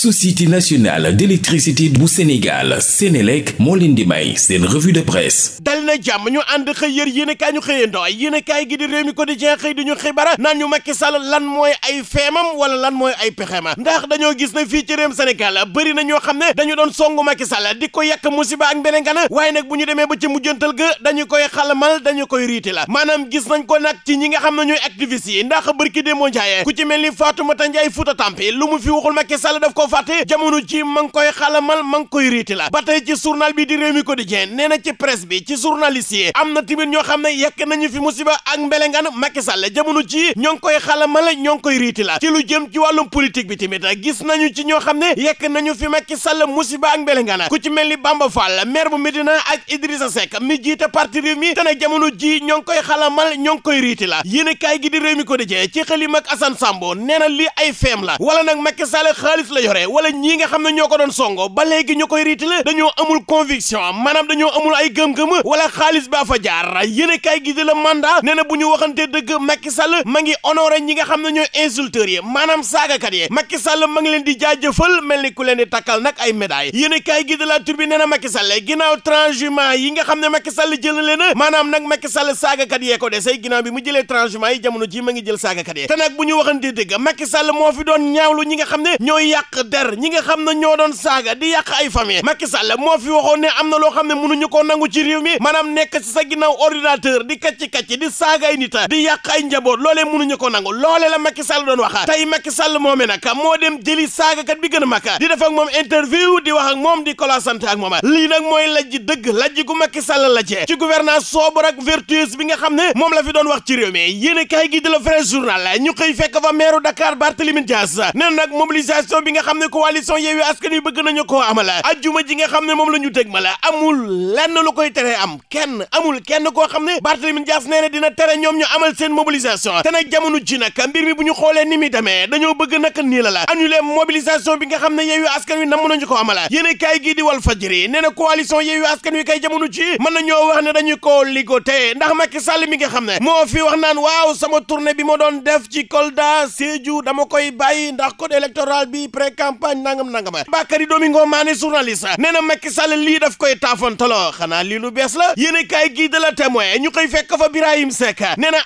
société nationale d'électricité bu Sénégal Sénélec moo leen di may seen revue de presse dal jàmm ñu ànd xëy yër yéenekaay ñu xëyandoo yéenekaay gi di Rewmi Quotidien xëy di ñu xibaar naan ñu Macky Sall lan mooy ay feemam wala lan mooy ay pexeem ndax dañoo gis ne fii ci réewum Sénégal bëri na ñoo xam ne dañu doon songu Macky Sall di ko yàq musiba ak mbelengana waaye nag bu ñu demee ba ci mujjantal ga dañu koy xalamal dañu koy riiti la maanaam gis nañ ko nag ñi nga xam ne ñooy yi ndax bërki démoo njaaye fàtte jamono ji ma koy xalamal ma ngi koy riiti la ba tey ci journal bi di Rewmi Quotidien nee na ci presse bi ci journaliste yi am na tamit ñoo xam ne yekk nañu fi musiba ak mbelengaan Macky Sall jamono ji ñoo ngi koy xalamal ñoo ngi koy riiti la ci lu jëm ci wàllum politique bi tamit gis nañu ci ñoo xam ne yekk nañu fi Macky Sall musiba ak mbelengaan ku ci mel ni Bamba Fall maire bu Médina ak Idrissa Seck mi jiite parti Rewmi nag jamono ji ñoo ngi koy xalamal ñoo ngi koy riiti la yéen kaay gi di Rewmi Quotidien ci xëlim ak Assane Sambo nee na lii ay feem la wala nag Macky Sall xaalis la yore yore wala ñii nga xam ne ñoo ko doon songo ba léegi ñu koy riitale dañoo amul conviction maanaam dañoo amul ay gëm-gëm wala xaalis a fa jaar yéen kaay gi de la mandat nee na bu ñu waxante dëgg Macky Sall xam ne ñooy insulteurs yi maanaam saagakat yi Macky ngi leen di jaajëfal mel ni ku leen di takkal nag ay médailles yéen kaay gi de la Tribune nee nga xam ne Macky Sall jël na leen maanaam nag Macky Sall saagakat yee ko dese ginnaaw bi mu jëlee ji ma ngi jël saagakat yi moo fi doon ñaawlu ñi nga xam ne ñooy yàq der ñi nga xam ne ñoo doon saaga di yàq ay famille Macky Sall moo fi waxoon ne am na loo xam ne mënuñu ko nangu ci réew mi maanaam nekk ci sa ginnaaw ordinateur di kacci-kacci di saaga ay nita di yàq ay njaboot loolee mënuñu ko nangu loole la Macky Sall doon wax tey Macky Sall moome nag moo dem jëli saagakat bi gën a mag di def moom interview di wax ak moom di kolasante ak moom lii nag mooy lajj dëgg lajj gu Macky Sall la ci ci gouvernance la fi doon wax ci réew mi yéen kaay gi di la vrai bi nga xam ne coalition Yewwi Askan Wi bëgg nañu koo amal ajjuma ji nga xam ne moom la ñu dégmal amul lenn lu koy tere am kenn amul kenn koo xam ne Barthélémy Dias nee na dina tere ñoom ñu amal seen mobilisation te nag jamono ji nag mbir mi bu ñu xoolee ni muy demee dañoo bëgg nag nii la la annulé mobilisation bi nga xam ne Yewwi Askan Wi namm nañu ko amal yéen kaay gii di Walf Fadjri nee na coalition Yewwi Wi kay jamono ji mën nañoo wax ne dañu mi nga xam ne moo fi wax naan waaw sama tournée bi ma doon def ci Kolda Sédhiou dama koy bàyyi ndax code électoral bi préca campagne nangam nangam Bakary Domingo Mané journaliste nee na Macky Sall lii daf koy taafantaloo xanaa lii lu bees la yéen a kaay gii de ñu koy fekk fa Birahim Seck nee na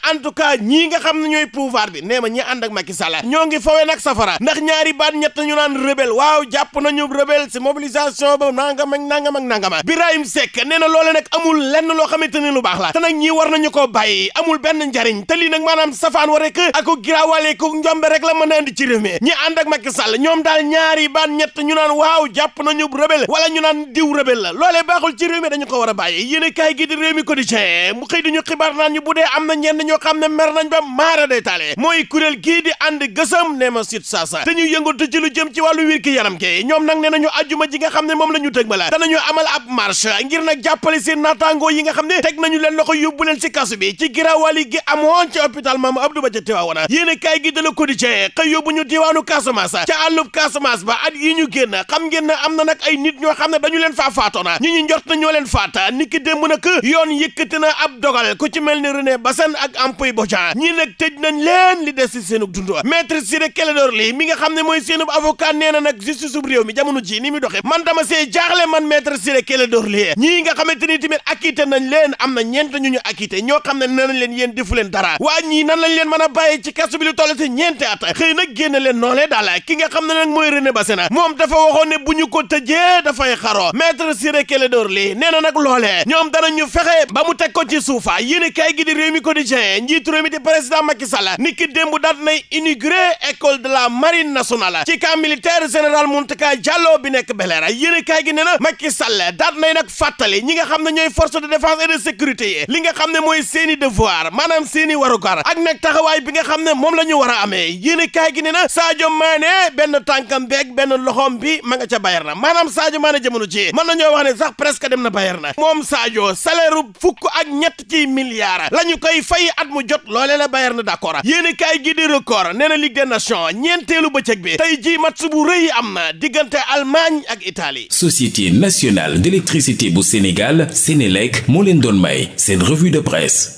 ñii nga xam ne ñooy pouvoir bi nee ñi ànd ak ñoo ngi fawee nag safara ndax ñaari baat ñett ñu naan rebelle waaw jàpp nañu rebelle si mobilisation ba nangam ak nangam ak nangam loole nag amul lenn loo xamante ni lu baax la te nag ñii war nañu koo bàyyi amul benn njariñ te lii nag safaan wa ak ko giraawaale ko a ñaari baat ñett ñu naan waaw jàpp nañu rebelle wala ñu naan diw rebelle la loolee baaxul ci réew dañu ko war a bàyyi yéen kaay gi di réew mi quotidien mu xëy di ñu xibaar naan ñu bu dee am na ñenn ñoo xam ne mer nañ ba maara day taale mooy kuréel gii di ànd gësam ne ma sit saasa te ñu yëngatu ci lu jëm ci wàllu wér ki yaram ke ñoom nag ne nañu ajjuma ji nga xam ne moom la ñu dëgmala danañu amal ab marche ngir nag jàppale seen naataangoo yi nga xam ne teg nañu leen loxo yóbbu leen ci kasu bi ci giraawali gi amoon ci hôpital Maam Abdou Ba ca Tiwaawana Casamance ba at yi ñu génn xam ngeen am na nag ay nit ñoo xam ne dañu leen faa faatoona ñi njort na ñoo leen faata ni ki démb yoon yëkkati na ab dogal ku ci mel ni René Bassène ak Ampoy Bodian ñii nag tëj nañ leen li des si seenub dund maître Ciré Clédor Ly mi nga xam ne mooy seenub avocat nee na nag sub réew mi ji ni mu doxe man dama see jaaxle man maître Ciré Clédor Ly ñii nga xamante ni tamit acquitté nañ leen am na ñeent ñu ñu acquitté a mooy René Bassène moom dafa waxoon ne bu ñu ko tëjee dafay xaro maître Ciré Clédor Ly nee na nag loolee ñoom dana ñu fexe ba mu te ko ci suufa yéen kay gi di réew mi quotidien njiitu réew mi di président Macky Sall ni ki démb daat nay inauguré école de la marine nationale ci camp militaire général Mountaga Diallo bi nekk Bel-Air yéen kay gi nee na Macky Sall daat nay nag fàttali ñi nga xam ne ñooy force de défense et de sécurité yi li nga xam ne mooy seeni devoir bi nga xam ne moom la ñu war a amee yéen kay gi nee na Sadio Mané benn tànk tànkam beeg benn loxoom bi ma nga ca Bayern na maanaam Sadio Mané jamono ci mën nañoo wax ne sax presque dem na Bayern na moom Sadio salaire fukk ak ñett ciy milliards la ñu koy fay at mu jot loolee la Bayern na d'accord yéen i kaay gi di record nee na Ligue des Nations ñeenteelu bëccëg bi tey ji match bu rëy am na diggante Allemagne ak Italie. Société nationale d'électricité bu Sénégal Sénélec moo leen doon may seen revue de presse.